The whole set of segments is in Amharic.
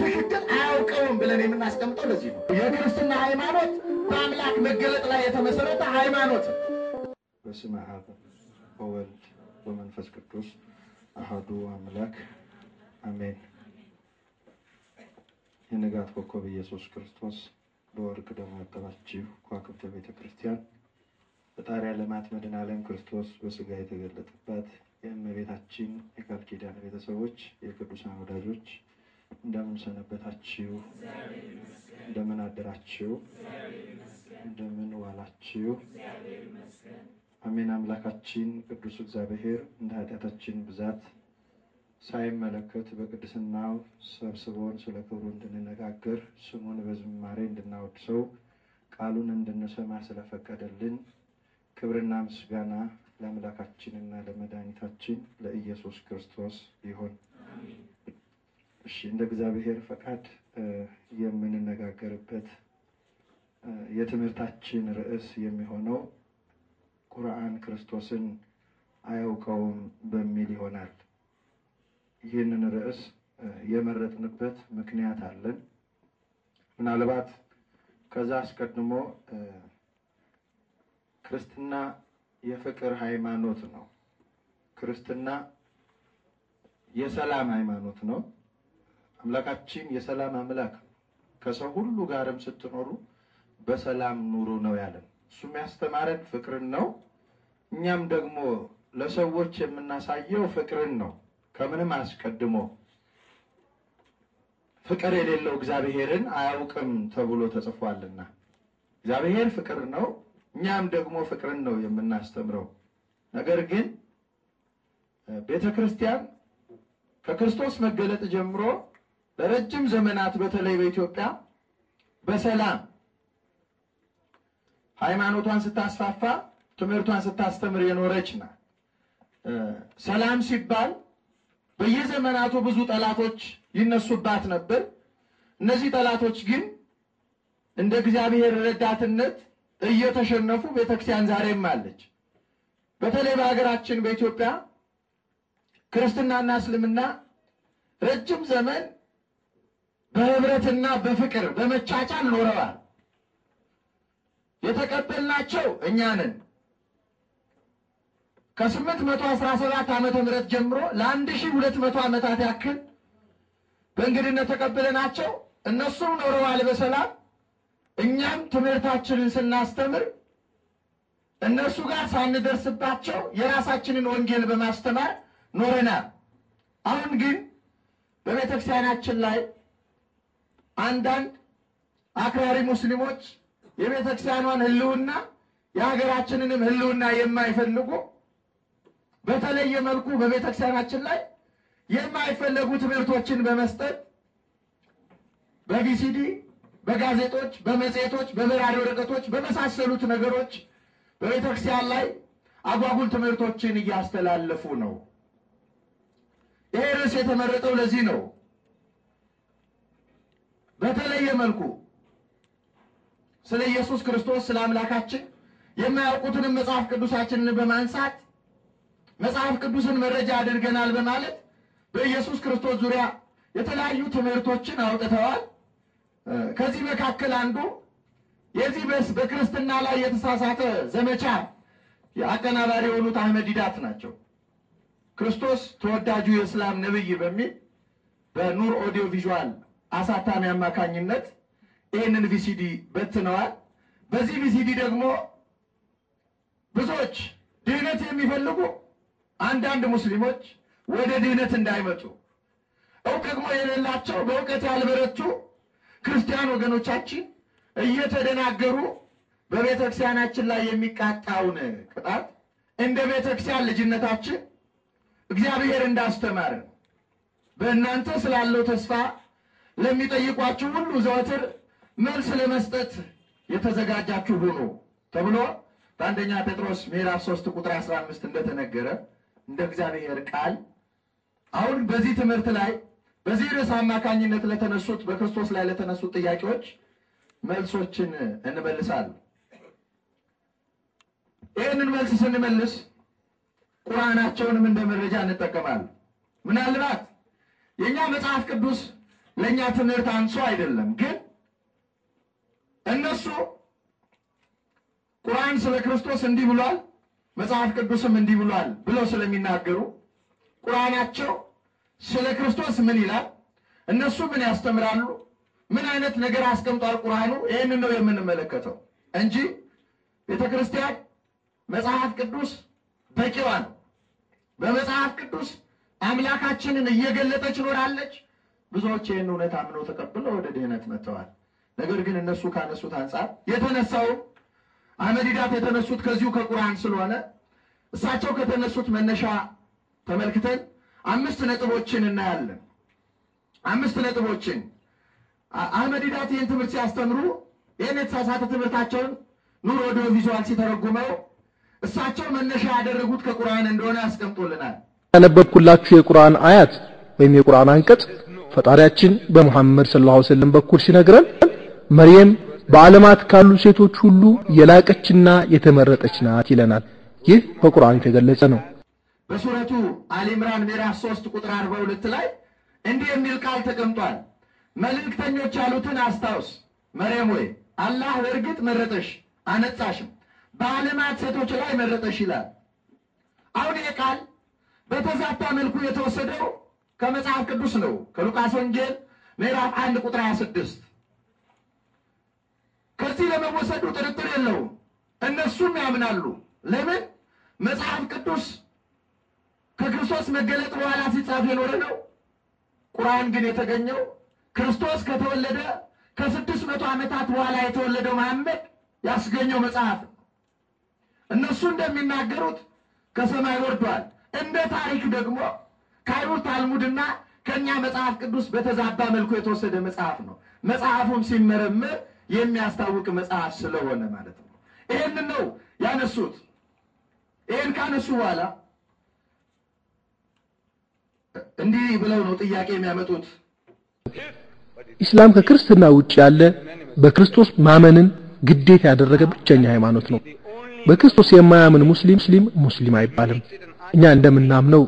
በትክክል አያውቀውም ብለን የምናስቀምጠው ለዚህ ነው። የክርስትና ሃይማኖት በአምላክ መገለጥ ላይ የተመሰረተ ሃይማኖት። በስመ አብ ወወልድ ወመንፈስ ቅዱስ አሐዱ አምላክ አሜን። የንጋት ኮከብ ኢየሱስ ክርስቶስ በወርቅ ደግሞ ያጠራችሁ ከዋክብተ ቤተ ክርስቲያን በጣሪያ ልማት መድኃኔ ዓለም ክርስቶስ በስጋ የተገለጠባት የእመቤታችን የቃል ኪዳን ቤተሰቦች የቅዱሳን ወዳጆች እንደምን ሰነበታችሁ? እንደምን አደራችሁ? እንደምን ዋላችሁ? አሜን። አምላካችን ቅዱስ እግዚአብሔር እንደ ኃጢአታችን ብዛት ሳይመለከት በቅድስናው ሰብስቦን ስለ ክብሩ እንድንነጋገር ስሙን በዝማሬ እንድናወድሰው ቃሉን እንድንሰማ ስለፈቀደልን ክብርና ምስጋና ለአምላካችንና ለመድኃኒታችን ለኢየሱስ ክርስቶስ ይሁን። እሺ እንደ እግዚአብሔር ፈቃድ የምንነጋገርበት የትምህርታችን ርዕስ የሚሆነው ቁርአን ክርስቶስን አያውቀውም በሚል ይሆናል። ይህንን ርዕስ የመረጥንበት ምክንያት አለን። ምናልባት ከዛ አስቀድሞ ክርስትና የፍቅር ሃይማኖት ነው። ክርስትና የሰላም ሃይማኖት ነው። አምላካችን የሰላም አምላክ ከሰው ሁሉ ጋርም ስትኖሩ በሰላም ኑሩ ነው ያለን። እሱም ያስተማረን ፍቅርን ነው። እኛም ደግሞ ለሰዎች የምናሳየው ፍቅርን ነው። ከምንም አስቀድሞ ፍቅር የሌለው እግዚአብሔርን አያውቅም ተብሎ ተጽፏልና እግዚአብሔር ፍቅር ነው። እኛም ደግሞ ፍቅርን ነው የምናስተምረው። ነገር ግን ቤተ ክርስቲያን ከክርስቶስ መገለጥ ጀምሮ ለረጅም ዘመናት በተለይ በኢትዮጵያ በሰላም ሃይማኖቷን ስታስፋፋ ትምህርቷን ስታስተምር የኖረች ናት። ሰላም ሲባል በየዘመናቱ ብዙ ጠላቶች ይነሱባት ነበር። እነዚህ ጠላቶች ግን እንደ እግዚአብሔር ረዳትነት እየተሸነፉ ቤተክርስቲያን ዛሬም አለች። በተለይ በሀገራችን በኢትዮጵያ ክርስትናና እስልምና ረጅም ዘመን በህብረትና በፍቅር በመቻቻል ኖረዋል። የተቀበልናቸው እኛንን ከ ከስምንት መቶ አስራ ሰባት ዓመተ ምህረት ጀምሮ ለአንድ ሺህ ሁለት መቶ ዓመታት ያክል በእንግድነት ተቀብለናቸው እነሱም ኖረዋል በሰላም እኛም ትምህርታችንን ስናስተምር እነሱ ጋር ሳንደርስባቸው የራሳችንን ወንጌል በማስተማር ኖረናል። አሁን ግን በቤተክርስቲያናችን ላይ አንዳንድ አክራሪ ሙስሊሞች የቤተክርስቲያኗን ህልውና የሀገራችንንም ህልውና የማይፈልጉ በተለየ መልኩ በቤተክርስቲያናችን ላይ የማይፈለጉ ትምህርቶችን በመስጠት በቪሲዲ፣ በጋዜጦች፣ በመጽሔቶች፣ በበራሪ ወረቀቶች በመሳሰሉት ነገሮች በቤተክርስቲያን ላይ አጓጉል ትምህርቶችን እያስተላለፉ ነው። ይሄ ርዕስ የተመረጠው ለዚህ ነው። በተለየ መልኩ ስለ ኢየሱስ ክርስቶስ ስለ አምላካችን የማያውቁትንም መጽሐፍ ቅዱሳችንን በማንሳት መጽሐፍ ቅዱስን መረጃ አድርገናል በማለት በኢየሱስ ክርስቶስ ዙሪያ የተለያዩ ትምህርቶችን አውጥተዋል። ከዚህ መካከል አንዱ የዚህ በክርስትና ላይ የተሳሳተ ዘመቻ አቀናባሪ የሆኑት አህመድ ዲዳት ናቸው። ክርስቶስ ተወዳጁ የእስላም ነብይ በሚል በኑር ኦዲዮ ቪዥዋል አሳታሚ አማካኝነት ይህንን ቪሲዲ በትነዋል። በዚህ ቪሲዲ ደግሞ ብዙዎች ድህነት የሚፈልጉ አንዳንድ ሙስሊሞች ወደ ድህነት እንዳይመጡ እውቀት የሌላቸው በእውቀት ያልበረቱ ክርስቲያን ወገኖቻችን እየተደናገሩ በቤተ ክርስቲያናችን ላይ የሚቃጣውን ቅጣት እንደ ቤተ ክርስቲያን ልጅነታችን እግዚአብሔር እንዳስተማረ በእናንተ ስላለው ተስፋ ለሚጠይቋችሁ ሁሉ ዘወትር መልስ ለመስጠት የተዘጋጃችሁ ሁኑ ተብሎ በአንደኛ ጴጥሮስ ምዕራፍ 3 ቁጥር 15 እንደተነገረ እንደ እግዚአብሔር ቃል አሁን በዚህ ትምህርት ላይ በዚህ ርዕስ አማካኝነት ለተነሱት በክርስቶስ ላይ ለተነሱት ጥያቄዎች መልሶችን እንመልሳል። ይህንን መልስ ስንመልስ ቁርአናቸውንም እንደ መረጃ እንጠቀማል። ምናልባት የእኛ መጽሐፍ ቅዱስ ለእኛ ትምህርት አንሶ አይደለም። ግን እነሱ ቁርአን ስለ ክርስቶስ እንዲህ ብሏል፣ መጽሐፍ ቅዱስም እንዲህ ብሏል ብለው ስለሚናገሩ ቁርአናቸው ስለ ክርስቶስ ምን ይላል? እነሱ ምን ያስተምራሉ? ምን አይነት ነገር አስቀምጧል ቁርአኑ? ይህንን ነው የምንመለከተው እንጂ ቤተ ክርስቲያን መጽሐፍ ቅዱስ በቂዋ ነው። በመጽሐፍ ቅዱስ አምላካችንን እየገለጠች ኖራለች። ብዙዎች ይህን እውነት አምነው ተቀብለው ወደ ድህነት መጥተዋል። ነገር ግን እነሱ ካነሱት አንጻር የተነሳው አመዲዳት የተነሱት ከዚሁ ከቁርአን ስለሆነ እሳቸው ከተነሱት መነሻ ተመልክተን አምስት ነጥቦችን እናያለን። አምስት ነጥቦችን አመዲዳት ይህን ትምህርት ሲያስተምሩ ይህን የተሳሳተ ትምህርታቸውን ኑሮ ኦዲዮ ቪዥዋል ሲተረጉመው እሳቸው መነሻ ያደረጉት ከቁርአን እንደሆነ ያስቀምጦልናል። ያነበብኩላችሁ የቁርአን አያት ወይም የቁርአን አንቀጽ ፈጣሪያችን በሙሐመድ ሰለላሁ ዐለይሂ ወሰለም በኩል ሲነግረን መርየም በዓለማት ካሉ ሴቶች ሁሉ የላቀችና የተመረጠች ናት ይለናል። ይህ በቁርአን የተገለጸ ነው። በሱረቱ አሊምራን ምዕራፍ 3 ቁጥር 42 ላይ እንዲህ የሚል ቃል ተቀምጧል። መልእክተኞች ያሉትን አስታውስ መርየም ወይ አላህ በእርግጥ መረጠሽ አነጻሽም፣ በዓለማት ሴቶች ላይ መረጠሽ ይላል። አሁን ይህ ቃል በተዛባ መልኩ የተወሰደው ከመጽሐፍ ቅዱስ ነው። ከሉቃስ ወንጌል ምዕራፍ አንድ ቁጥር 26 ከዚህ ለመወሰዱ ጥርጥር የለውም። እነሱም ያምናሉ። ለምን? መጽሐፍ ቅዱስ ከክርስቶስ መገለጥ በኋላ ሲጻፍ የኖረ ነው። ቁርአን ግን የተገኘው ክርስቶስ ከተወለደ ከስድስት መቶ ዓመታት በኋላ የተወለደው መሐመድ ያስገኘው መጽሐፍ ነው። እነሱ እንደሚናገሩት ከሰማይ ወርዷል። እንደ ታሪክ ደግሞ ከአይሁድ ታልሙድና ከእኛ መጽሐፍ ቅዱስ በተዛባ መልኩ የተወሰደ መጽሐፍ ነው። መጽሐፉም ሲመረምር የሚያስታውቅ መጽሐፍ ስለሆነ ማለት ነው። ይህን ነው ያነሱት። ይህን ካነሱ በኋላ እንዲህ ብለው ነው ጥያቄ የሚያመጡት። ኢስላም ከክርስትና ውጭ ያለ በክርስቶስ ማመንን ግዴታ ያደረገ ብቸኛ ሃይማኖት ነው። በክርስቶስ የማያምን ሙስሊም ሙስሊም ሙስሊም አይባልም። እኛ እንደምናምነው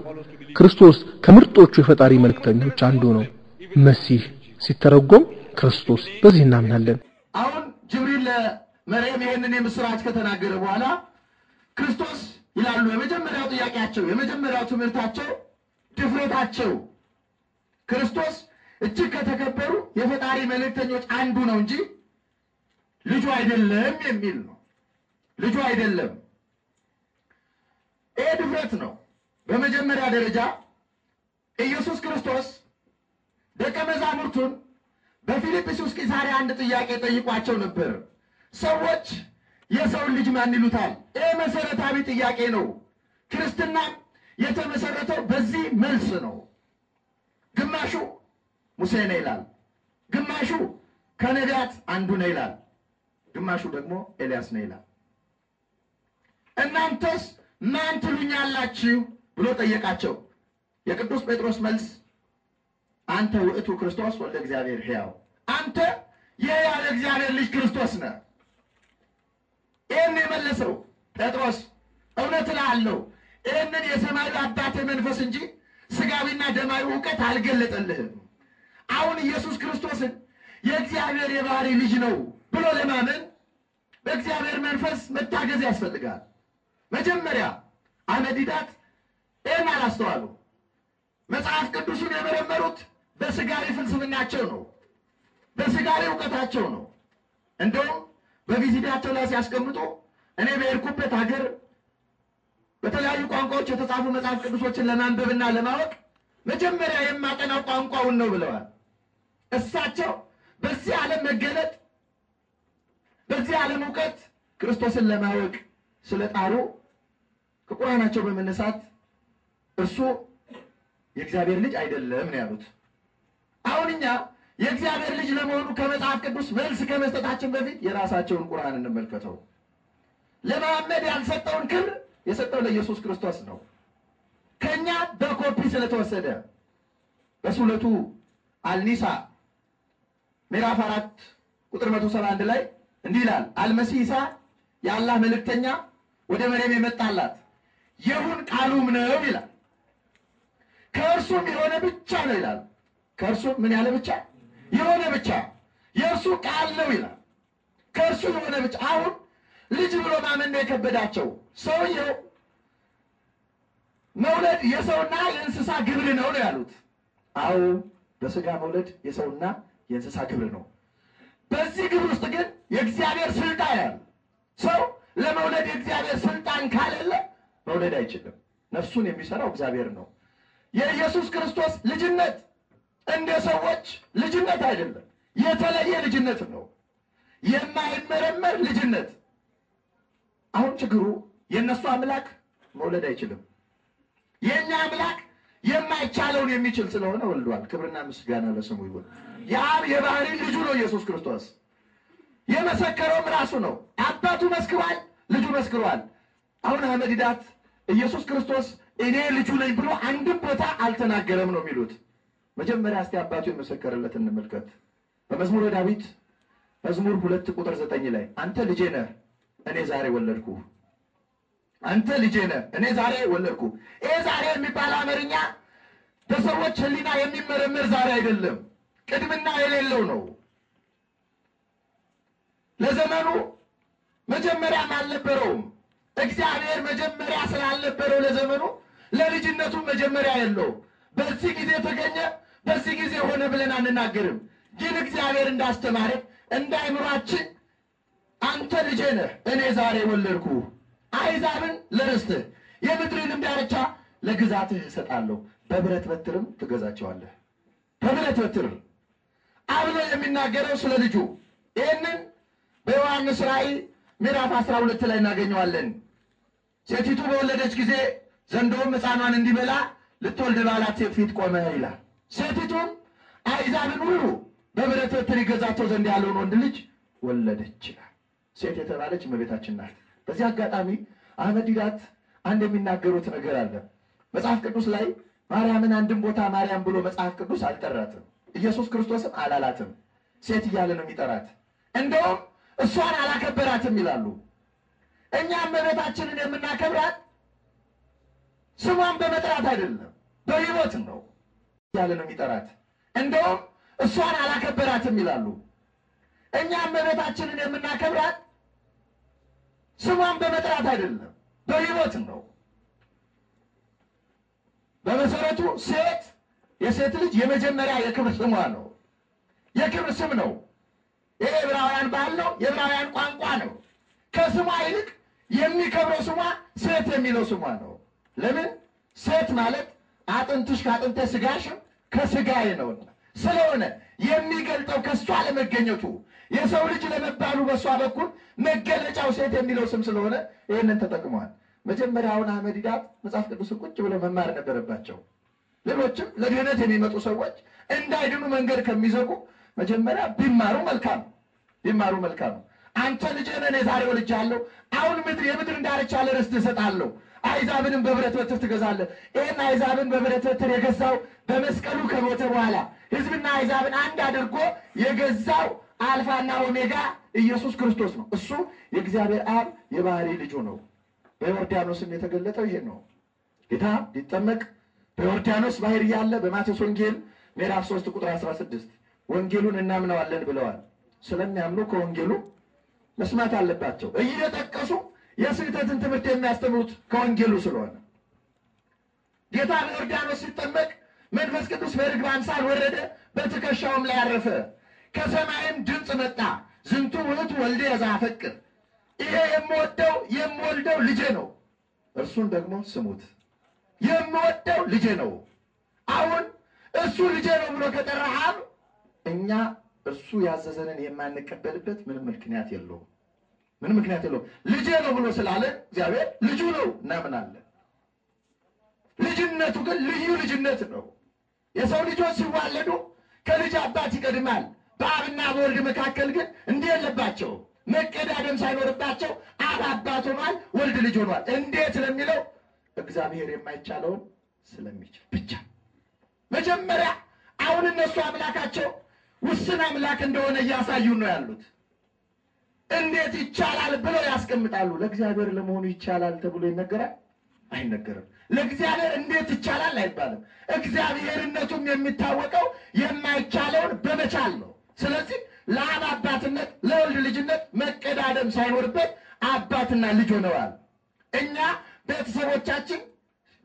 ክርስቶስ ከምርጦቹ የፈጣሪ መልእክተኞች አንዱ ነው። መሲህ ሲተረጎም ክርስቶስ፣ በዚህ እናምናለን። አሁን ጅብሪል መርየም ይህንን የምስራች ከተናገረ በኋላ ክርስቶስ ይላሉ። የመጀመሪያው ጥያቄያቸው፣ የመጀመሪያው ትምህርታቸው፣ ድፍረታቸው ክርስቶስ እጅግ ከተከበሩ የፈጣሪ መልእክተኞች አንዱ ነው እንጂ ልጁ አይደለም የሚል ነው። ልጁ አይደለም። ይሄ ድፍረት ነው። በመጀመሪያ ደረጃ ኢየሱስ ክርስቶስ ደቀ መዛሙርቱን በፊልጵስዩስ ቂሳርያ አንድ ጥያቄ ጠይቋቸው ነበር። ሰዎች የሰውን ልጅ ማን ይሉታል? ይህ መሰረታዊ ጥያቄ ነው። ክርስትና የተመሰረተው በዚህ መልስ ነው። ግማሹ ሙሴ ነው ይላል፣ ግማሹ ከነቢያት አንዱ ነው ይላል፣ ግማሹ ደግሞ ኤልያስ ነው ይላል። እናንተስ ማን ትሉኛላችሁ ብሎ ጠየቃቸው። የቅዱስ ጴጥሮስ መልስ አንተ ውእቱ ክርስቶስ ወልደ እግዚአብሔር ሕያው፣ አንተ የሕያው እግዚአብሔር ልጅ ክርስቶስ ነህ። ይህን የመለሰው ጴጥሮስ እውነት እልሃለሁ ይህንን የሰማዩ አባቴ መንፈስ እንጂ ስጋዊና ደማዊ እውቀት አልገለጠልህም። አሁን ኢየሱስ ክርስቶስን የእግዚአብሔር የባህሪ ልጅ ነው ብሎ ለማመን በእግዚአብሔር መንፈስ መታገዝ ያስፈልጋል። መጀመሪያ አመዲዳት ይህን አላስተዋሉ። መጽሐፍ ቅዱስን የመረመሩት በስጋሪ ፍልስፍናቸው ነው፣ በስጋሪ እውቀታቸው ነው። እንደውም በቪዚዳቸው ላይ ሲያስቀምጡ እኔ በሄድኩበት ሀገር በተለያዩ ቋንቋዎች የተጻፉ መጽሐፍ ቅዱሶችን ለማንበብና ለማወቅ መጀመሪያ የማጠናው ቋንቋውን ነው ብለዋል። እሳቸው በዚህ ዓለም መገለጥ በዚህ ዓለም እውቀት ክርስቶስን ለማወቅ ስለጣሩ ከቁራናቸው በመነሳት እሱ የእግዚአብሔር ልጅ አይደለም ነው ያሉት። አሁን እኛ የእግዚአብሔር ልጅ ለመሆኑ ከመጽሐፍ ቅዱስ መልስ ከመስጠታችን በፊት የራሳቸውን ቁርአን እንመልከተው። ለመሐመድ ያልሰጠውን ክብር የሰጠው ለኢየሱስ ክርስቶስ ነው፣ ከእኛ በኮፒ ስለተወሰደ። በሱለቱ አልኒሳ ምዕራፍ አራት ቁጥር መቶ ሰባ አንድ ላይ እንዲህ ይላል። አልመሲሳ የአላህ መልእክተኛ ወደ መሬም የመጣላት የሁን ቃሉም ነው ይላል። ከእርሱም የሆነ ብቻ ነው ይላል። ከእርሱም ምን ያለ ብቻ የሆነ ብቻ የእርሱ ቃል ነው ይላል። ከእርሱ የሆነ ብቻ። አሁን ልጅ ብሎ ማመን ነው የከበዳቸው። ሰውየው መውለድ የሰውና የእንስሳ ግብር ነው ነው ያሉት። አዎ በስጋ መውለድ የሰውና የእንስሳ ግብር ነው። በዚህ ግብር ውስጥ ግን የእግዚአብሔር ስልጣን ያሉ ሰው ለመውለድ የእግዚአብሔር ስልጣን ካሌለ መውለድ አይችልም። ነፍሱን የሚሰራው እግዚአብሔር ነው። የኢየሱስ ክርስቶስ ልጅነት እንደ ሰዎች ልጅነት አይደለም፣ የተለየ ልጅነት ነው፣ የማይመረመር ልጅነት። አሁን ችግሩ የእነሱ አምላክ መውለድ አይችልም፣ የእኛ አምላክ የማይቻለውን የሚችል ስለሆነ ወልዷል። ክብርና ምስጋና ለስሙ ይሁን። የአብ የባህሪ ልጁ ነው ኢየሱስ ክርስቶስ። የመሰከረውም ራሱ ነው። አባቱ መስክሯል፣ ልጁ መስክሯል። አሁን አመዲዳት ኢየሱስ ክርስቶስ እኔ ልጁ ነኝ ብሎ አንድም ቦታ አልተናገረም ነው የሚሉት። መጀመሪያ እስቲ አባቱ የመሰከረለት እንመልከት። በመዝሙረ ዳዊት መዝሙር ሁለት ቁጥር ዘጠኝ ላይ አንተ ልጄ ነህ እኔ ዛሬ ወለድኩ፣ አንተ ልጄ ነህ እኔ ዛሬ ወለድኩ። ይሄ ዛሬ የሚባል አማርኛ በሰዎች ሕሊና የሚመረመር ዛሬ አይደለም፣ ቅድምና የሌለው ነው። ለዘመኑ መጀመሪያም አልነበረውም። እግዚአብሔር መጀመሪያ ስላልነበረው ለዘመኑ ለልጅነቱ መጀመሪያ የለው በዚህ ጊዜ ተገኘ፣ በዚህ ጊዜ ሆነ ብለን አንናገርም። ግን እግዚአብሔር እንዳስተማረ እንደ አንተ ልጄ ነህ፣ እኔ ዛሬ ወለድኩ፣ አሕዛብን ለርስትህ፣ የምድርንም ዳርቻ ለግዛትህ እሰጣለሁ፣ በብረት በትርም ትገዛቸዋለህ። በብረት በትር አብሎ የሚናገረው ስለ ልጁ ይህንን በዮሐንስ ራእይ ምዕራፍ አስራ ሁለት ላይ እናገኘዋለን። ሴቲቱ በወለደች ጊዜ ዘንዶውም ሕፃኗን እንዲበላ ልትወልድ ባላት ሴት ፊት ቆመ ይላል። ሴቲቱም አሕዛብን ሁሉ በብረት በትር ይገዛቸው ዘንድ ያለውን ወንድ ልጅ ወለደች ይላል። ሴት የተባለች እመቤታችን ናት። በዚህ አጋጣሚ አህመድ ዲዳት አንድ የሚናገሩት ነገር አለ። መጽሐፍ ቅዱስ ላይ ማርያምን አንድም ቦታ ማርያም ብሎ መጽሐፍ ቅዱስ አልጠራትም። ኢየሱስ ክርስቶስም አላላትም። ሴት እያለ ነው የሚጠራት። እንደውም እሷን አላከበራትም ይላሉ። እኛም እመቤታችንን የምናከብራት ስሟን በመጥራት አይደለም፣ በሕይወት ነው ያለ ነው የሚጠራት። እንደውም እሷን አላከበራትም ይላሉ። እኛም እመቤታችንን የምናከብራት ስሟን በመጥራት አይደለም፣ በሕይወት ነው። በመሰረቱ ሴት የሴት ልጅ የመጀመሪያ የክብር ስሟ ነው። የክብር ስም ነው። ይሄ ባህል ነው። የዕብራውያን ቋንቋ ነው። ከስሟ ይልቅ የሚከብረው ስሟ ሴት የሚለው ስሟ ነው። ለምን ሴት ማለት አጥንትሽ ከአጥንተ ስጋሽም ከስጋዬ ነውና ስለሆነ የሚገልጠው ከእሷ ለመገኘቱ የሰው ልጅ ለመባሉ በእሷ በኩል መገለጫው ሴት የሚለው ስም ስለሆነ ይህንን ተጠቅመዋል። መጀመሪያውን አህመዲዳት መጽሐፍ ቅዱስ ቁጭ ብለው መማር ነበረባቸው። ሌሎችም ለድህነት የሚመጡ ሰዎች እንዳይድኑ መንገድ ከሚዘጉ መጀመሪያ ቢማሩ መልካም ቢማሩ መልካም አንተ ልጅ ነህ፣ እኔ ዛሬ ወልጃለሁ። አሁን ምድር የምድር እንዳርቻ ለርስት እሰጣለሁ አይዛብንም በብረት በትር ትገዛለህ። ይህም አይዛብን በብረት በትር የገዛው በመስቀሉ ከሞተ በኋላ ህዝብና አይዛብን አንድ አድርጎ የገዛው አልፋና ኦሜጋ ኢየሱስ ክርስቶስ ነው። እሱ የእግዚአብሔር አብ የባህሪ ልጁ ነው። በዮርዳኖስም የተገለጠው ይሄ ነው። ጌታ ሊጠመቅ በዮርዳኖስ ባህር እያለ በማቴዎስ ወንጌል ምዕራፍ 3 ቁጥር 16 ወንጌሉን እናምነዋለን ብለዋል። ስለሚያምኑ ከወንጌሉ መስማት አለባቸው እየጠቀሱ የስህተትን ትምህርት የሚያስተምሩት ከወንጌሉ ስለሆነ ጌታ በዮርዳኖስ ሲጠመቅ መንፈስ ቅዱስ በርግብ አምሳል ወረደ፣ በትከሻውም ላይ አረፈ። ከሰማይም ድምፅ መጣ፣ ዝንቱ ውእቱ ወልደ ዘአፈቅር፣ ይሄ የምወደው የምወልደው ልጄ ነው፣ እርሱን ደግሞ ስሙት። የምወደው ልጄ ነው። አሁን እሱ ልጄ ነው ብሎ ከጠራሃም እኛ እርሱ ያዘዘንን የማንቀበልበት ምንም ምክንያት የለውም። ምን ምክንያት የለውም። ልጄ ነው ብሎ ስላለ እግዚአብሔር ልጁ ነው እናምናለን። ልጅነቱ ግን ልዩ ልጅነት ነው። የሰው ልጆች ሲዋለዱ ከልጅ አባት ይቀድማል። በአብና በወልድ መካከል ግን እንዲህ የለባቸው መቀዳደም ሳይኖርባቸው አብ አባት ሆኗል፣ ወልድ ልጅ ሆኗል። እንዴት ለሚለው እግዚአብሔር የማይቻለውን ስለሚችል ብቻ መጀመሪያ አሁን እነሱ አምላካቸው ውስን አምላክ እንደሆነ እያሳዩ ነው ያሉት። እንዴት ይቻላል ብለው ያስቀምጣሉ። ለእግዚአብሔር ለመሆኑ ይቻላል ተብሎ ይነገራል? አይነገርም። ለእግዚአብሔር እንዴት ይቻላል አይባልም። እግዚአብሔርነቱም የሚታወቀው የማይቻለውን በመቻል ነው። ስለዚህ ለአብ አባትነት፣ ለወልድ ልጅነት መቀዳደም ሳይኖርበት አባትና ልጅ ሆነዋል። እኛ ቤተሰቦቻችን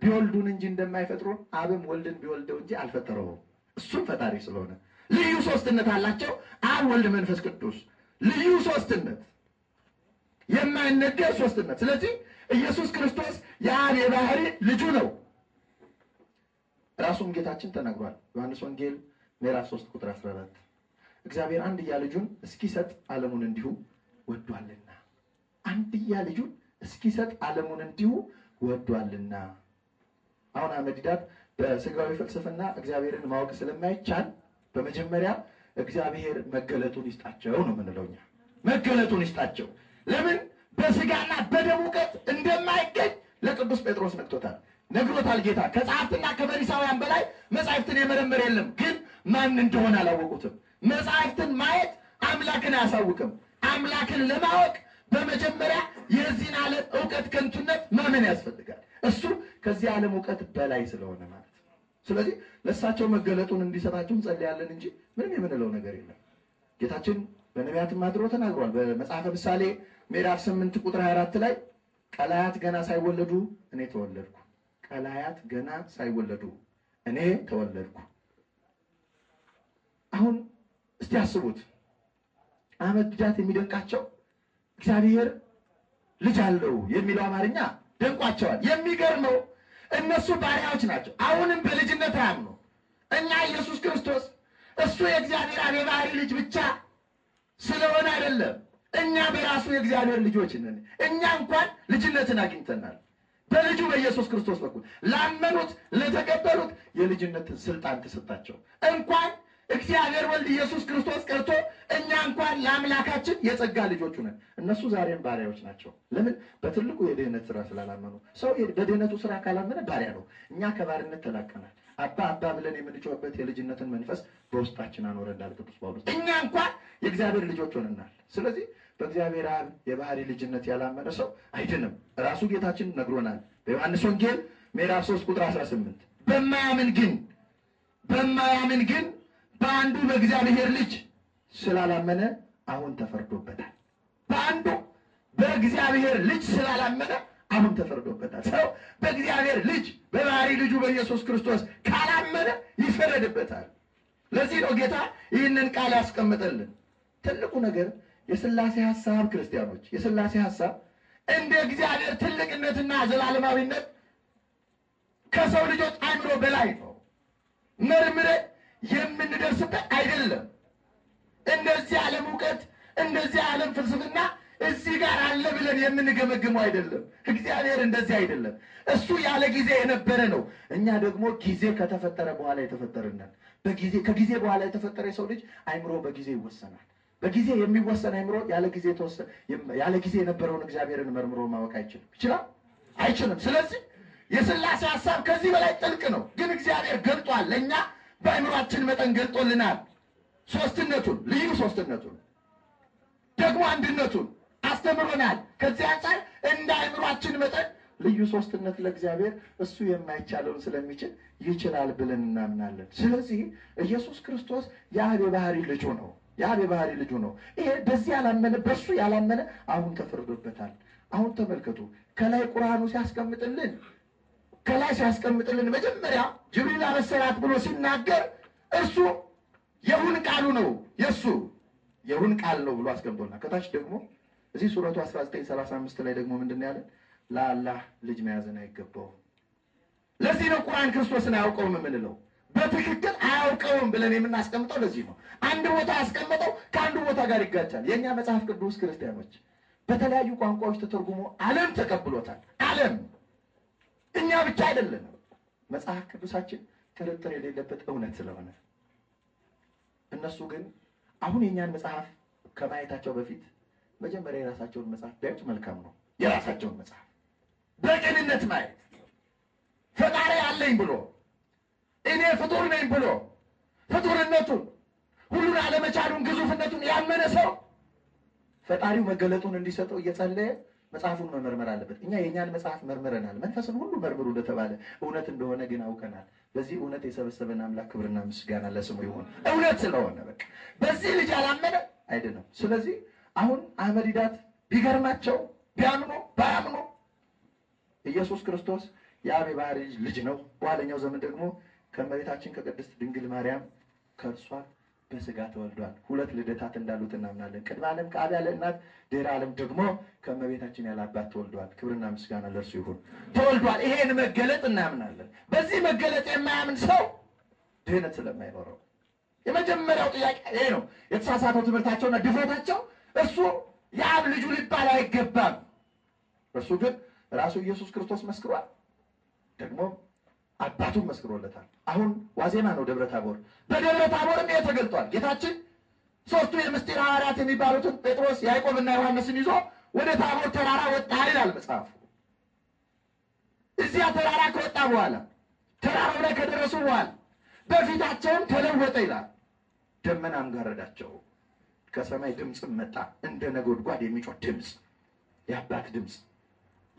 ቢወልዱን እንጂ እንደማይፈጥሩ አብም ወልድን ቢወልደው እንጂ አልፈጠረውም። እሱም ፈጣሪ ስለሆነ ልዩ ሶስትነት አላቸው፣ አብ፣ ወልድ፣ መንፈስ ቅዱስ ልዩ ሶስትነት፣ የማይነገር ሶስትነት። ስለዚህ ኢየሱስ ክርስቶስ የአብ የባህሪ ልጁ ነው። ራሱም ጌታችን ተናግሯል። ዮሐንስ ወንጌል ምዕራፍ 3 ቁጥር 14 እግዚአብሔር አንድያ ልጁን እስኪሰጥ ዓለሙን እንዲሁ ወዷልና፣ አንድያ ልጁን እስኪሰጥ ዓለሙን እንዲሁ ወዷልና። አሁን አመዲዳት በስጋዊ ፍልስፍና እግዚአብሔርን ማወቅ ስለማይቻል በመጀመሪያ እግዚአብሔር መገለጡን ይስጣቸው ነው የምንለው እኛ። መገለጡን ይስጣቸው። ለምን በስጋና በደም እውቀት እንደማይገኝ ለቅዱስ ጴጥሮስ ነግቶታል ነግሮታል ጌታ። ከጸሐፍትና ከፈሪሳውያን በላይ መጻሕፍትን የመረመር የለም፣ ግን ማን እንደሆነ አላወቁትም። መጻሕፍትን ማየት አምላክን አያሳውቅም። አምላክን ለማወቅ በመጀመሪያ የዚህን ዓለም እውቀት ከንቱነት ማመን ያስፈልጋል። እሱ ከዚህ ዓለም እውቀት በላይ ስለሆነ ማለት ስለዚህ ለእሳቸው መገለጡን እንዲሰጣቸው እንጸልያለን እንጂ ምንም የምንለው ነገር የለም። ጌታችን በነቢያትም አድሮ ተናግሯል። በመጽሐፈ ምሳሌ ምዕራፍ ስምንት ቁጥር 24 ላይ ቀላያት ገና ሳይወለዱ እኔ ተወለድኩ፣ ቀላያት ገና ሳይወለዱ እኔ ተወለድኩ። አሁን እስቲ አስቡት። አመት ልጃት የሚደንቃቸው እግዚአብሔር ልጅ አለው የሚለው አማርኛ ደንቋቸዋል። የሚገርመው እነሱ ባሪያዎች ናቸው። አሁንም በልጅነት አያምኑ። እኛ ኢየሱስ ክርስቶስ እሱ የእግዚአብሔር አብ የባህሪ ልጅ ብቻ ስለሆነ አይደለም። እኛ በራሱ የእግዚአብሔር ልጆች ነን። እኛ እንኳን ልጅነትን አግኝተናል በልጁ በኢየሱስ ክርስቶስ በኩል ላመኑት፣ ለተቀበሉት የልጅነትን ስልጣን ተሰጣቸው እንኳን እግዚአብሔር ወልድ ኢየሱስ ክርስቶስ ቀርቶ እኛ እንኳን ለአምላካችን የጸጋ ልጆቹ ነን። እነሱ ዛሬም ባሪያዎች ናቸው። ለምን? በትልቁ የድህነት ስራ ስላላመኑ። ሰው በድህነቱ ስራ ካላመነ ባሪያ ነው። እኛ ከባርነት ተላቀናል። አባ አባ ብለን የምንጮህበት የልጅነትን መንፈስ በውስጣችን አኖረ እንዳለ ቅዱስ ጳውሎስ እኛ እንኳን የእግዚአብሔር ልጆች ሆነናል። ስለዚህ በእግዚአብሔር አብ የባህሪ ልጅነት ያላመነ ሰው አይድንም። ራሱ ጌታችን ነግሮናል በዮሐንስ ወንጌል ምዕራፍ 3 ቁጥር 18 በማያምን ግን በማያምን ግን በአንዱ በእግዚአብሔር ልጅ ስላላመነ አሁን ተፈርዶበታል። በአንዱ በእግዚአብሔር ልጅ ስላላመነ አሁን ተፈርዶበታል። ሰው በእግዚአብሔር ልጅ በባህሪ ልጁ በኢየሱስ ክርስቶስ ካላመነ ይፈረድበታል። ለዚህ ነው ጌታ ይህንን ቃል ያስቀምጠልን። ትልቁ ነገር የስላሴ ሀሳብ ክርስቲያኖች፣ የስላሴ ሀሳብ እንደ እግዚአብሔር ትልቅነትና ዘላለማዊነት ከሰው ልጆች አእምሮ በላይ ነው። መርምረን የምንደርስበት አይደለም። እንደዚህ ዓለም እውቀት እንደዚህ ዓለም ፍልስፍና እዚህ ጋር አለ ብለን የምንገመግመው አይደለም። እግዚአብሔር እንደዚህ አይደለም። እሱ ያለ ጊዜ የነበረ ነው። እኛ ደግሞ ጊዜ ከተፈጠረ በኋላ የተፈጠርናል። በጊዜ ከጊዜ በኋላ የተፈጠረ የሰው ልጅ አይምሮ በጊዜ ይወሰናል። በጊዜ የሚወሰን አይምሮ ያለ ጊዜ የተወሰነ ያለ ጊዜ የነበረውን እግዚአብሔርን መርምሮ ማወቅ አይችልም። ይችላል? አይችልም። ስለዚህ የስላሴ ሀሳብ ከዚህ በላይ ጥልቅ ነው፣ ግን እግዚአብሔር ገልጧል ለእኛ መጠን ገልጦልናል። ሶስትነቱን ልዩ ሶስትነቱን ደግሞ አንድነቱን አስተምሮናል። ከዚህ አንጻር እንደ አእምሯችን መጠን ልዩ ሶስትነት ለእግዚአብሔር እሱ የማይቻለውን ስለሚችል ይችላል ብለን እናምናለን። ስለዚህ ኢየሱስ ክርስቶስ የአብ የባህሪ ልጁ ነው። የአብ የባህሪ ልጁ ነው። ይሄ በዚህ ያላመነ በሱ ያላመነ አሁን ተፈርዶበታል። አሁን ተመልከቱ፣ ከላይ ቁርአኑ ሲያስቀምጥልን ከላይ ሲያስቀምጥልን መጀመሪያ ጅብሪል አበሰራት ብሎ ሲናገር እርሱ የሁን ቃሉ ነው። የእሱ የሁን ቃል ነው ብሎ አስቀምጦና ከታች ደግሞ እዚህ ሱረቱ 1935 ላይ ደግሞ ምንድን ያለን ለአላህ ልጅ መያዝን አይገባውም። ለዚህ ነው ቁርአን ክርስቶስን አያውቀውም የምንለው። በትክክል አያውቀውም ብለን የምናስቀምጠው ለዚህ ነው። አንድ ቦታ አስቀምጠው ከአንዱ ቦታ ጋር ይጋጫል። የእኛ መጽሐፍ ቅዱስ ክርስቲያኖች በተለያዩ ቋንቋዎች ተተርጉሞ ዓለም ተቀብሎታል። ዓለም እኛ ብቻ አይደለም መጽሐፍ ቅዱሳችን ትርትር የሌለበት እውነት ስለሆነ እነሱ ግን አሁን የእኛን መጽሐፍ ከማየታቸው በፊት መጀመሪያ የራሳቸውን መጽሐፍ ቢያዩት መልካም ነው። የራሳቸውን መጽሐፍ በቅንነት ማየት ፈጣሪ አለኝ ብሎ እኔ ፍጡር ነኝ ብሎ ፍጡርነቱን ሁሉን አለመቻሉን ግዙፍነቱን ያመነ ሰው ፈጣሪው መገለጡን እንዲሰጠው እየጸለየ መጽሐፉን መመርመር አለበት። እኛ የእኛን መጽሐፍ መርምረናል። መንፈስን ሁሉ መርምሩ እንደተባለ እውነት እንደሆነ ግን አውቀናል። በዚህ እውነት የሰበሰበን አምላክ ክብርና ምስጋና ለስሙ ይሁን። እውነት ስለሆነ በቃ በዚህ ልጅ አላመነ አይደለም። ስለዚህ አሁን አህመዲዳት ቢገርማቸው ቢያምኖ ባያምኖ ኢየሱስ ክርስቶስ የአብ የባህሪ ልጅ ነው። በኋለኛው ዘመን ደግሞ ከመሬታችን ከቅድስት ድንግል ማርያም ከእርሷ በስጋ ተወልዷል። ሁለት ልደታት እንዳሉት እናምናለን። ቅድመ ዓለም ከአብ ያለ እናት፣ ድኅረ ዓለም ደግሞ ከእመቤታችን ያለ አባት ተወልዷል። ክብርና ምስጋና ለእርሱ ይሁን። ተወልዷል። ይሄን መገለጥ እናምናለን። በዚህ መገለጥ የማያምን ሰው ድህነት ስለማይኖረው የመጀመሪያው ጥያቄ ይሄ ነው። የተሳሳተው ትምህርታቸውና ድፍረታቸው እርሱ የአብ ልጁ ሊባል አይገባም። እርሱ ግን ራሱ ኢየሱስ ክርስቶስ መስክሯል ደግሞ አባቱ መስክሮለታል። አሁን ዋዜማ ነው ደብረ ታቦር። በደብረ ታቦርም ይሄ ተገልጧል። ጌታችን ሶስቱ የምስጢር ሐዋርያት የሚባሉትን ጴጥሮስ፣ ያዕቆብና ዮሐንስን ይዞ ወደ ታቦር ተራራ ወጣ ይላል መጽሐፉ። እዚያ ተራራ ከወጣ በኋላ ተራራው ላይ ከደረሱ በኋላ በፊታቸውም ተለወጠ ይላል። ደመናም ጋረዳቸው፣ ከሰማይ ድምፅም መጣ፣ እንደ ነጎድጓድ የሚጮህ ድምፅ፣ የአባት ድምፅ፣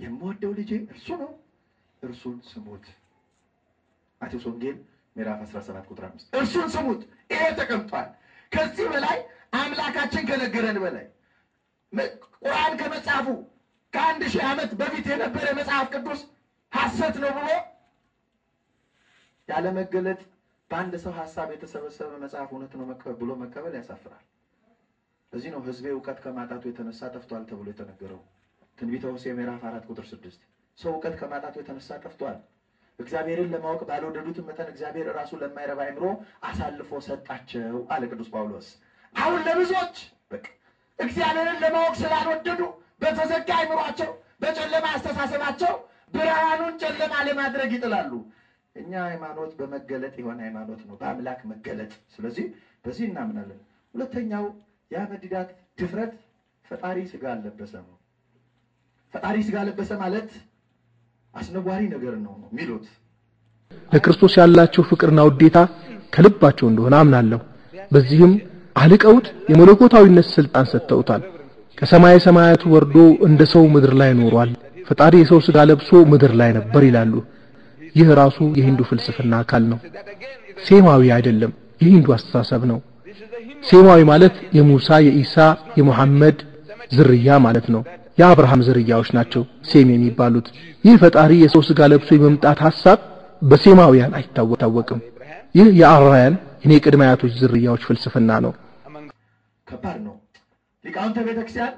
የምወደው ልጄ እርሱ ነው፣ እርሱን ስሙት ማቴዎስ ወንጌል ምዕራፍ 17 ቁጥር 5 እርሱን ስሙት። ይሄ ተቀምጧል። ከዚህ በላይ አምላካችን ከነገረን በላይ ቁርአን ከመጽሐፉ ከአንድ ሺህ ዓመት በፊት የነበረ መጽሐፍ ቅዱስ ሐሰት ነው ብሎ ያለመገለጥ በአንድ ሰው ሀሳብ የተሰበሰበ መጽሐፍ እውነት ነው ብሎ መቀበል ያሳፍራል። ለዚህ ነው ህዝቤ እውቀት ከማጣቱ የተነሳ ጠፍቷል ተብሎ የተነገረው ትንቢተ ሆሴዕ ምዕራፍ አራት ቁጥር ስድስት ሰው እውቀት ከማጣቱ የተነሳ ጠፍቷል እግዚአብሔርን ለማወቅ ባልወደዱትም መጠን እግዚአብሔር እራሱ ለማይረባ አይምሮ አሳልፎ ሰጣቸው አለ ቅዱስ ጳውሎስ። አሁን ለብዙዎች እግዚአብሔርን ለማወቅ ስላልወደዱ በተዘጋ አይምሯቸው፣ በጨለማ አስተሳሰባቸው ብርሃኑን ጨለማ ለማድረግ ይጥላሉ። እኛ ሃይማኖት በመገለጥ የሆነ ሃይማኖት ነው፣ በአምላክ መገለጥ። ስለዚህ በዚህ እናምናለን። ሁለተኛው የመዲዳት ድፍረት ፈጣሪ ስጋ አለበሰ ነው። ፈጣሪ ስጋ አለበሰ ማለት አስነዋሪ ነገር ነው የሚሉት። ለክርስቶስ ያላቸው ፍቅርና ውዴታ ከልባቸው እንደሆነ አምናለሁ። በዚህም አልቀውት የመለኮታዊነት ስልጣን ሰጥተውታል። ከሰማይ ሰማያት ወርዶ እንደ ሰው ምድር ላይ ኖሯል። ፈጣሪ የሰው ስጋ ለብሶ ምድር ላይ ነበር ይላሉ። ይህ ራሱ የሂንዱ ፍልስፍና አካል ነው። ሴማዊ አይደለም፣ የሂንዱ አስተሳሰብ ነው። ሴማዊ ማለት የሙሳ የኢሳ የሙሐመድ ዝርያ ማለት ነው። የአብርሃም ዝርያዎች ናቸው ሴም የሚባሉት። ይህ ፈጣሪ የሰው ስጋ ለብሶ የመምጣት ሐሳብ በሴማውያን አይታወቅም። ይህ የአራያን የኔ ቅድመ አያቶች ዝርያዎች ፍልስፍና ነው። ከባድ ነው። ሊቃውንተ ቤተክርስቲያን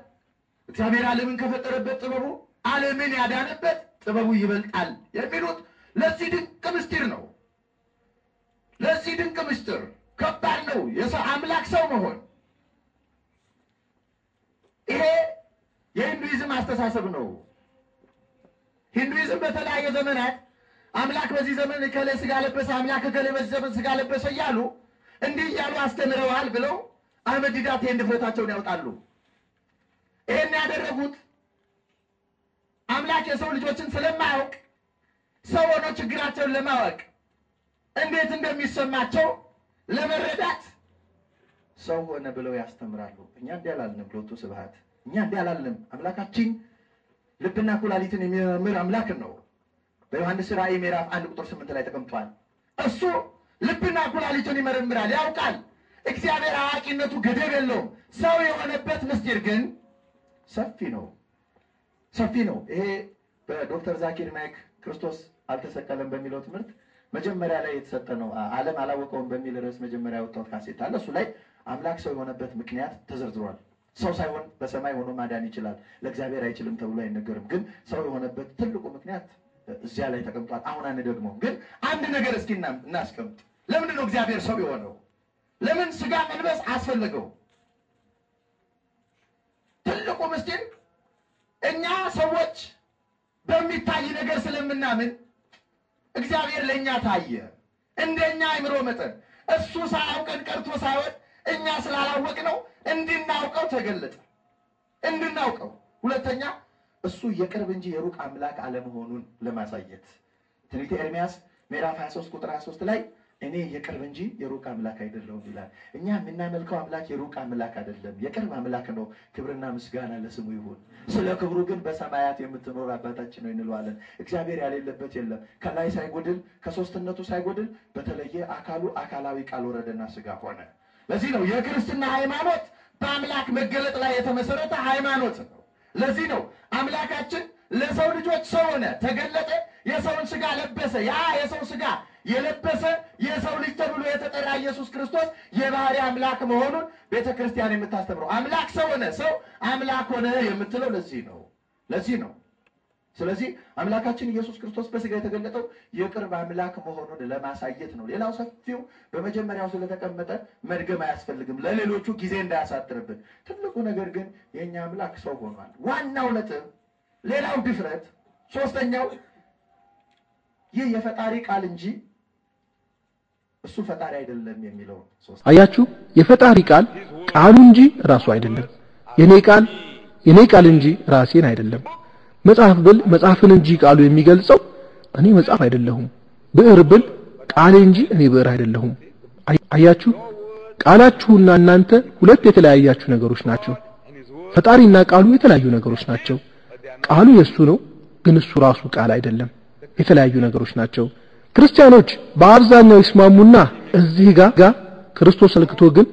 እግዚአብሔር ዓለምን ከፈጠረበት ጥበቡ ዓለምን ያዳነበት ጥበቡ ይበልጣል የሚሉት ለዚህ ድንቅ ምስጢር ነው። ለዚህ ድንቅ ምስጢር ከባድ ነው። የሰው አምላክ ሰው መሆን ይሄ የሂንዱይዝም አስተሳሰብ ነው። ሂንዱይዝም በተለያየ ዘመናት አምላክ በዚህ ዘመን እከሌ ስጋ ለበሰ፣ አምላክ እከሌ በዚህ ዘመን ስጋ ለበሰ እያሉ እንዲህ እያሉ አስተምረዋል ብለው አመዲዳት ይህን ድፍረታቸውን ያውጣሉ። ይህን ያደረጉት አምላክ የሰው ልጆችን ስለማያውቅ ሰው ሆኖ ችግራቸውን ለማወቅ እንዴት እንደሚሰማቸው ለመረዳት ሰው ሆነ ብለው ያስተምራሉ። እኛ እንዲህ አላልንም። ሎቱ ስብሐት እኛ እንዲህ አላለም። አምላካችን ልብና ኩላሊትን የሚመረምር አምላክ ነው። በዮሐንስ ራእይ ምዕራፍ አንድ ቁጥር ስምንት ላይ ተቀምጧል። እሱ ልብና ኩላሊትን ይመረምራል፣ ያውቃል። እግዚአብሔር አዋቂነቱ ገደብ የለውም። ሰው የሆነበት ምስጢር ግን ሰፊ ነው፣ ሰፊ ነው። ይሄ በዶክተር ዛኪር ናይክ ክርስቶስ አልተሰቀለም በሚለው ትምህርት መጀመሪያ ላይ የተሰጠ ነው። ዓለም አላወቀውም በሚል ርዕስ መጀመሪያ ያወጣሁት ካሴት አለ። እሱ ላይ አምላክ ሰው የሆነበት ምክንያት ተዘርዝሯል። ሰው ሳይሆን በሰማይ ሆኖ ማዳን ይችላል። ለእግዚአብሔር አይችልም ተብሎ አይነገርም። ግን ሰው የሆነበት ትልቁ ምክንያት እዚያ ላይ ተቀምጧል። አሁን አንደግመው። ግን አንድ ነገር እስኪ እናስቀምጥ። ለምንድን ነው እግዚአብሔር ሰው የሆነው? ለምን ስጋ መልበስ አስፈለገው? ትልቁ ምስጢር እኛ ሰዎች በሚታይ ነገር ስለምናምን እግዚአብሔር ለእኛ ታየ። እንደኛ አይምሮ መጠን እሱ ሳያውቀን ቀርቶ ሳይሆን እኛ ስላላወቅ ነው እንድናውቀው ተገለጠ። እንድናውቀው ሁለተኛ እሱ የቅርብ እንጂ የሩቅ አምላክ አለመሆኑን ለማሳየት ትንቢተ ኤርሚያስ ምዕራፍ 23 ቁጥር 23 ላይ እኔ የቅርብ እንጂ የሩቅ አምላክ አይደለሁም ይላል። እኛ የምናመልከው አምላክ የሩቅ አምላክ አይደለም፣ የቅርብ አምላክ ነው። ክብርና ምስጋና ለስሙ ይሁን። ስለ ክብሩ ግን በሰማያት የምትኖር አባታችን ነው እንለዋለን። እግዚአብሔር ያሌለበት የለም። ከላይ ሳይጎድል ከሶስትነቱ ሳይጎድል በተለየ አካሉ አካላዊ ቃል ወረደና ስጋ ሆነ። ለዚህ ነው የክርስትና ሃይማኖት በአምላክ መገለጥ ላይ የተመሰረተ ሃይማኖት ነው። ለዚህ ነው አምላካችን ለሰው ልጆች ሰው ሆነ፣ ተገለጠ፣ የሰውን ስጋ ለበሰ። ያ የሰው ስጋ የለበሰ የሰው ልጅ ተብሎ የተጠራ ኢየሱስ ክርስቶስ የባህሪ አምላክ መሆኑን ቤተ ክርስቲያን የምታስተምረው አምላክ ሰው ሆነ፣ ሰው አምላክ ሆነ የምትለው ለዚህ ነው ለዚህ ነው ስለዚህ አምላካችን ኢየሱስ ክርስቶስ በስጋ የተገለጠው የቅርብ አምላክ መሆኑን ለማሳየት ነው። ሌላው ሰፊው በመጀመሪያው ስለተቀመጠ መድገም አያስፈልግም፣ ለሌሎቹ ጊዜ እንዳያሳጥርብን። ትልቁ ነገር ግን የእኛ አምላክ ሰው ሆኗል። ዋናው ነጥብ፣ ሌላው ድፍረት፣ ሶስተኛው ይህ የፈጣሪ ቃል እንጂ እሱ ፈጣሪ አይደለም የሚለው። አያችሁ፣ የፈጣሪ ቃል ቃሉ እንጂ ራሱ አይደለም። የኔ ቃል የኔ ቃል እንጂ ራሴን አይደለም መጽሐፍ ብል መጽሐፍን እንጂ ቃሉ የሚገልጸው እኔ መጽሐፍ አይደለሁም። ብዕር ብል ቃሌ እንጂ እኔ ብዕር አይደለሁም። አያችሁ፣ ቃላችሁና እናንተ ሁለት የተለያያችሁ ነገሮች ናቸው። ፈጣሪና ቃሉ የተለያዩ ነገሮች ናቸው። ቃሉ የእሱ ነው፣ ግን እሱ ራሱ ቃል አይደለም። የተለያዩ ነገሮች ናቸው። ክርስቲያኖች በአብዛኛው ይስማሙና እዚህ ጋር ክርስቶስ ልክቶ ግን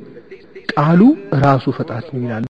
ቃሉ ራሱ ፈጣሪ ነው ይላል።